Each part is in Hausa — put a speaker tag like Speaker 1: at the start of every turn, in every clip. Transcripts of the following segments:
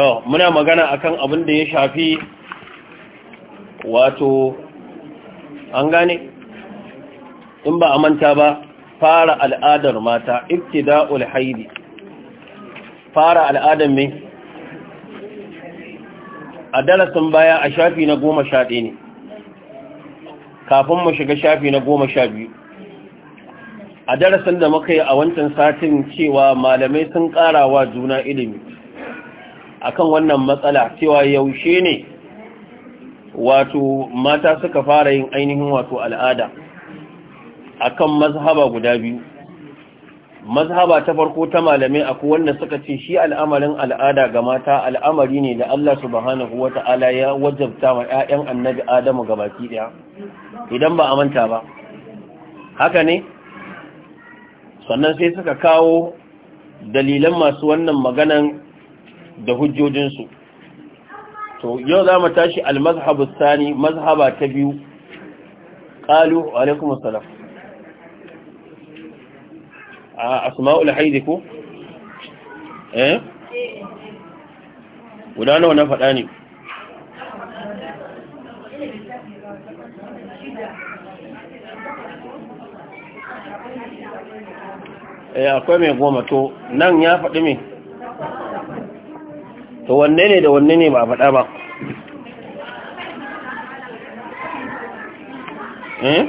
Speaker 1: to muna magana akan abin da ya shafi wato an gane in ba a manta ba fara al'adar mata ibtida'ul haidi fara al'adar me a darasin baya a shafi na goma sha ɗaya ne kafin mu shiga shafi na goma sha biyu a darasin da muka yi a wancan satin cewa malamai sun ƙara wa juna ilimi akan wannan matsala cewa yaushe ne wato mata suka fara yin ainihin wato al'ada akan mazhaba guda biyu mazhaba ta farko ta malamai akwai wanda suka ce shi al'amarin al'ada ga mata al'amari ne da Allah subhanahu wata'ala ya wajabta wa ƴaƴan annabi Adamu gabaki daya idan ba a manta ba haka ne sannan sai suka kawo dalilan masu wannan maganan da hujjojinsu to yau za mu tashi al-mazhabu sani mazhaba ta biyu ƙalu alaikum salam. a asma'ul haidi ko eh guda nawa na faɗa ne eh akwai mai goma to nan ya faɗi mai to wanne ne da wanne ne ba faɗa ba hmm?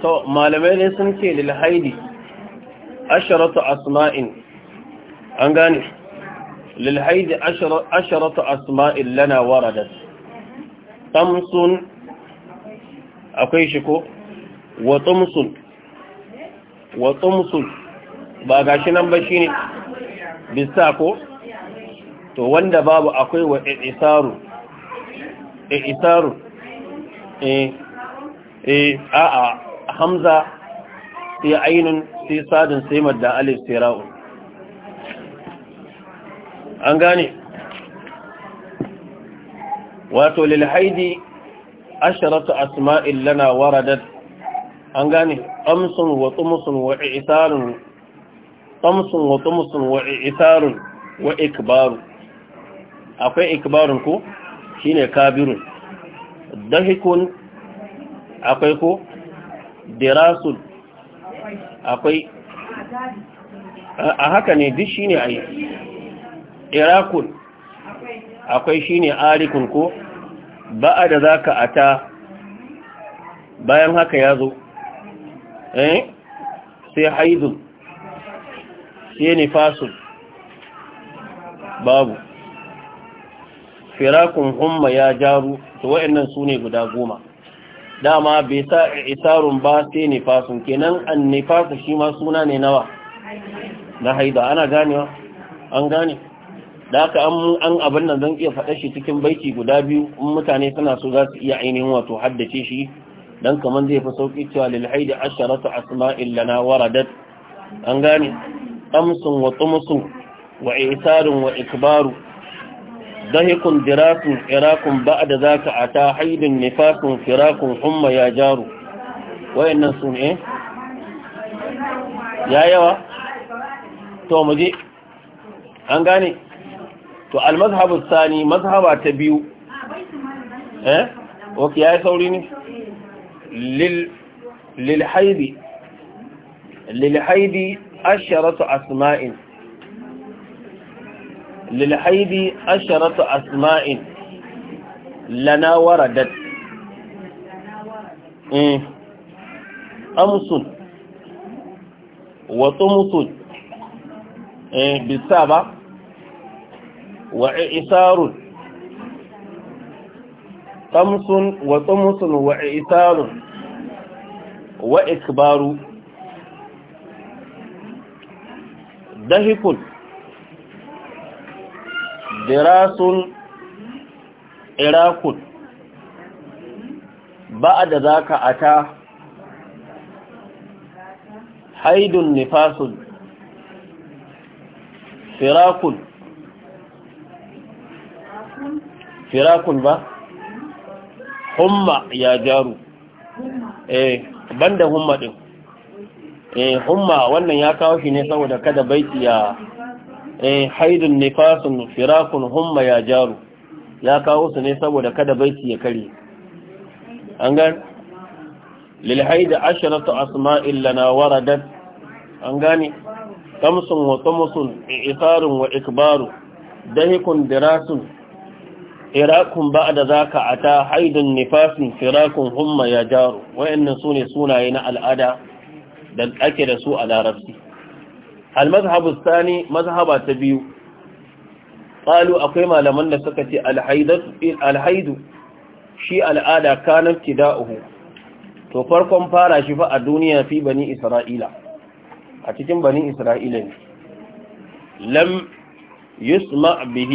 Speaker 1: to malamai ne sun ce lil haidi asharatu asma'in an gane lil haidi asharatu asma'in lana waradat tamsun akwai shi ko wa tumsun wa ba gashi nan ba shine bisa ko to wanda babu akwai wa isaru isaru eh eh a'a hamza sai ainun sai sadin sai madda alif sai ra'un an gane wato lil haidi asharatu asma'il lana waradat an gane amsun wa tumusun wa isarun amsun wa tumusun wa isarun wa ikbaru akwai ikbarun ko shine kabirun dahikun akwai ko dirasul akwai a haka ne duk shine ayi irakun akwai shine arikun ko ba'a da zaka ata bayan haka ya zo eh sai haidun sai nifasun babu firakun humma ya jaru to wayannan sune guda goma dama bai sa isarun ba sai nifasun kenan an nifasu shi ma suna ne nawa na haida ana ganewa an gane da haka an abin nan zan iya faɗa shi cikin baiti guda biyu in mutane suna so za su iya ainihin wato haddace shi dan kaman zai fi sauki cewa lil haidi asharatu asma'il lana waradat an gane amsun wa tumsu wa isarin wa ikbaru dahikun jirakun irakun ba da za ka a ta haidin nifakun firakun umma ya jaru
Speaker 2: wayannan ya yawa
Speaker 1: to muje an gane to almazhabu sani mazhaba ta biyu
Speaker 2: eh ok ya yi
Speaker 1: asma'in للحيد أشرة أسماء لنا وردت إيه؟ أمس وطمس إيه؟ بالسابع وإئسار طمس وطمس وإئسار وإكبار دهكل dirasun irakun ba da za ka ata haidun nifasun firakun firakun ba humma ya jaru eh banda humma din eh humma wannan ya kawo shi ne saboda kada baiti ya Eh, haidun nifasun firakun humma ya jaru ya kawo su ne saboda kada baiti ya kare an gan haidu asharatu asma'il lana waradat an gane kamsun wa tsamsun isarun wa ikbaru dahikun dirasun irakun ba da za ka a haidun nifasin firakun humma ya jaru wayannan su ne sunaye na al'ada da ake da su a larabci المذهب الثاني مذهب تبيو قالوا أقيم لمن نسكة الحيد الحيد شيء الآلة كان ابتداؤه تفركم فارا شفاء الدنيا في بني إسرائيل أتكم بني إسرائيل لم يسمع به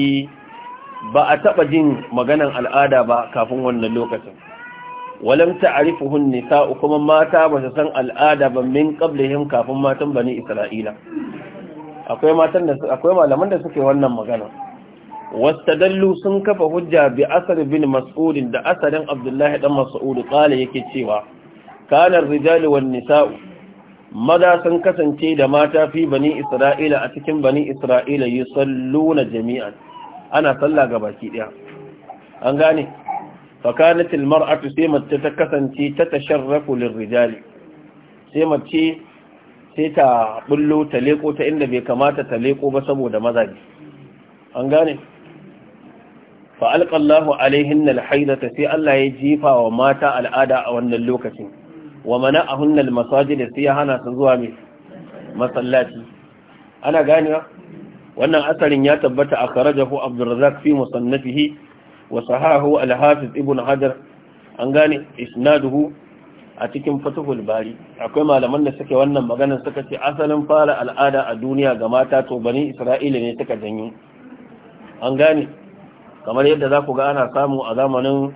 Speaker 1: ba a taɓa jin maganan al'ada ba kafin wannan lokacin walam ta'rifuhun nisa'u kuma mata ba su san al'ada ba min qablihim kafin matan bani isra'ila akwai matan da akwai malaman da suke wannan magana wastadallu sun kafa hujja bi asar bin mas'ud da asarin abdullahi dan mas'ud qala yake cewa kana ar-rijalu wan nisa'u maza sun kasance da mata fi bani isra'ila a cikin bani isra'ila yi salluna jami'an ana sallah ga baki ɗaya an gane فكانت المرأة سيما تتكسن تتشرف للرجال سيما تي سيتا بلو تليقو تإن بي كما تتليقو بسبو دمزاج أنغاني فألقى الله عليهن الحيدة سي الله يجيفا ومات الآداء والنلوكة ومنعهن المساجد سيهانا سزوامي مسلاتي أنا غاني wannan asalin ya tabbata a karajahu abdurrazak fi musannafihi wasahahu sahahu al-hafiz ibn hajar an gane isnaduhu a cikin fatihul bari akwai malaman da suke wannan maganar suka ce asalin fara al'ada a duniya ga mata to bani isra'ila ne suka janyo an gane kamar yadda za ku ga ana samu a zamanin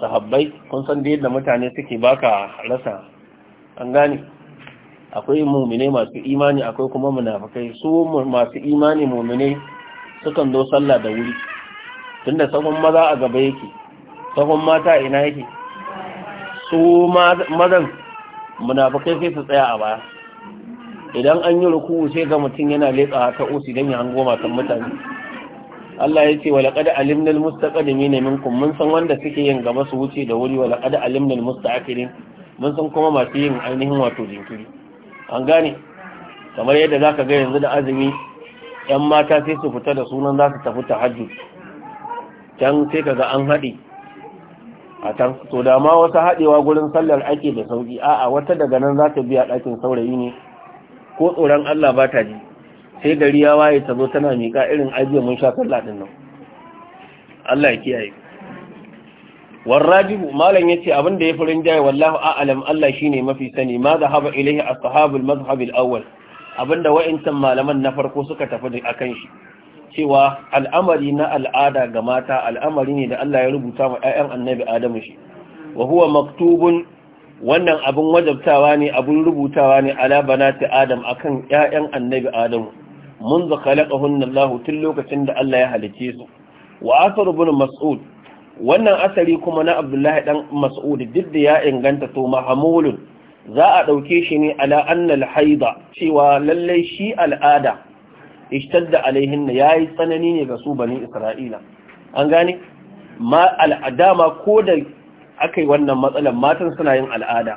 Speaker 1: sahabbai kun san da yadda mutane suke baka rasa an gane akwai mumine masu imani akwai kuma munafikai su masu imani mumine sukan zo sallah da wuri da sahun maza a gaba yake sahun mata ina yake su mazan munafakai sai su tsaya a baya idan an yi ruku sai ga mutum yana leƙa ta osi don ya hango matan mutane Allah ya ce walaƙad alimna almustaqdimin minkum mun san wanda suke yin gaba su wuce da wuri kada alimnal almustaqirin mun san kuma masu yin ainihin wato jinkiri an gane kamar yadda zaka ga yanzu da azumi yan mata sai su fita da sunan za su tafi tahajjud can sai ka ga an haɗe a can to da ma wasu haɗewa gurin sallar ake da sauƙi a'a wata daga nan za ta biya ɗakin saurayi ne ko tsoron Allah ba ta ji sai gari ya waye ta zo tana miƙa irin ajiyar mun sha sallah ɗin nan Allah ya kiyaye warrajibu malam yace abin da ya furin jaye wallahu a'lam Allah shine mafi sani ma zahaba ilaihi ashabul madhhab mazhabil awwal abinda wa'intan malaman na farko suka tafi akan shi cewa al'amari na al'ada ga mata al'amari ne da Allah ya rubuta wa 'ya'yan annabi Adamu shi Wahuwa huwa maktubun wannan abin wajabtawa ne abin rubutawa ne ala banati Adam akan 'ya'yan annabi Adamu منذ خلقهن الله tun lokacin da Allah ya halice su wa asar ibn mas'ud wannan asari kuma na Abdullahi Ɗan Mas'ud duk da ya inganta to mahamulun za a ɗauke shi ne ala anna al-haida cewa lallai shi al'ada ishtadda alaihinna yayi tsanani ne ga su bani isra'ila an gane ma al'adama ko da akai wannan matsalan matan suna yin al'ada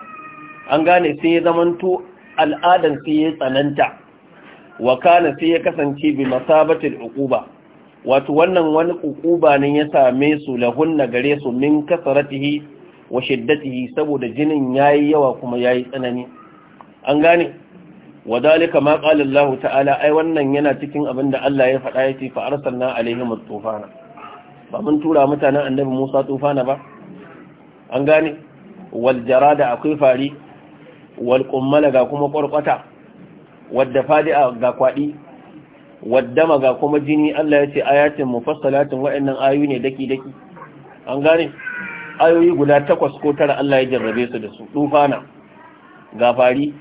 Speaker 1: an gane sai ya zamanto al'adan sai ya tsananta Wakana sai ya kasance bi masabatil uquba wato wannan wani uquba ne ya same su lahunna gare su min kasaratihi wa shiddatihi saboda jinin yayi yawa kuma yayi tsanani an gane وذلك ما قال الله تعالى wannan yana cikin abin da Allah ya faɗa yace fa arsalna alaihim tufana ba mun tura mutanen annabi Musa tufana ba an gane wal jarada akwai fari wal qummala ga kuma qurqata wadda fadi'a ga kwadi waddama ga kuma jini Allah yace ayatin mufassalatin wa'annan ayoyi ne daki daki an gane ayoyi guda takwas ko tara Allah ya jarrabe su da su tufana ga fari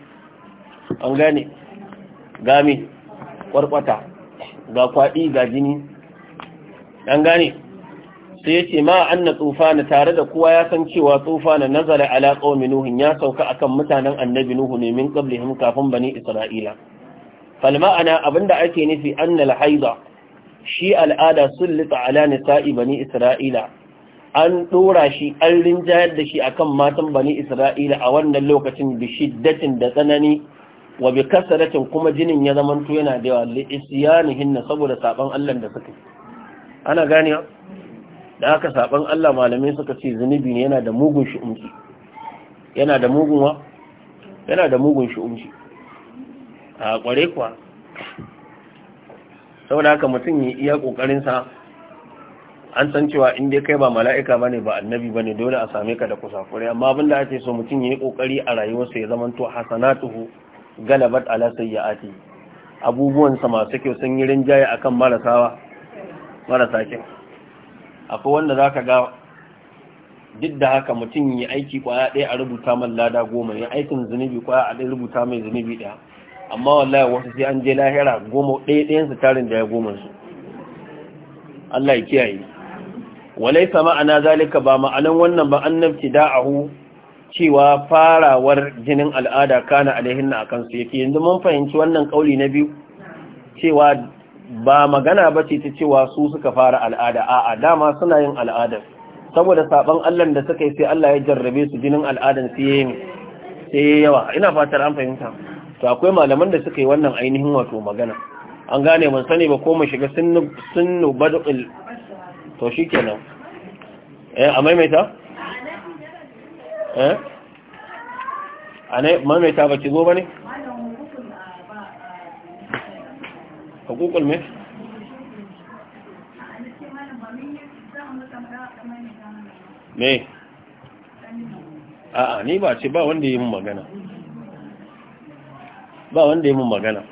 Speaker 1: an gane gami kwarkwata ga kwaɗi ga jini an gane sai ya ce ma an na tare da kowa ya san cewa na nazara alaƙa wa nuhun ya sauka akan mutanen annabi nuhu ne min qablihim kafin bani isra'ila fal abin da ake nufi na lahaiza shi al'ada sun litsa ala nisa'i bani isra'ila an ɗora shi an rinjayar da shi akan matan bani isra'ila a wannan lokacin da shiddatin da tsanani wa bi kasaratin kuma jinin ya to yana da yawa isyani hinna saboda saban Allah da suka ana gani da haka saban Allah malamai suka ce zunubi ne yana da mugun shi'umci yana da mugun wa yana da mugun shi'umci a kware kuwa saboda haka mutum ya iya kokarin sa an san cewa in dai kai ba mala'ika bane ba annabi bane dole a same ka da kusakure amma abinda ake so mutum yi kokari a rayuwarsa ya to hasanatuhu galabat ala ya abubuwan sa masu kyau sun yi rinjaye akan marasawa marasa kyau akwai wanda zaka ga duk da haka mutum yi aiki kwaya ɗaya a rubuta man lada goma ya aikin zunubi kwaya a ɗaya rubuta mai zunubi ɗaya amma wallahi wasu sai an je lahira goma ɗaya ɗayan su tarin da ya goma su Allah ya kiyaye walai ma'ana zalika ba ma'anan wannan ba annabci da'ahu cewa farawar jinin al'ada kana na a kansu yake yanzu mun fahimci wannan kauli na biyu cewa ba magana ba ce ta cewa su suka fara al'ada a'a dama suna yin al'ada, saboda saban Allah da suka yi sai Allah ya jarrabe su jinin al'adan sai yi yi yawa ina fatar an fahimta to akwai malaman da suka yi wannan ainihin wato magana an gane mun sani ba ko mu shiga sun sunnu to shikenan eh a maimaita eh a ne mamaita ba ki zo ba ne hukukul me me a'a ni ba ce ba wanda yi mun magana ba wanda yi mun magana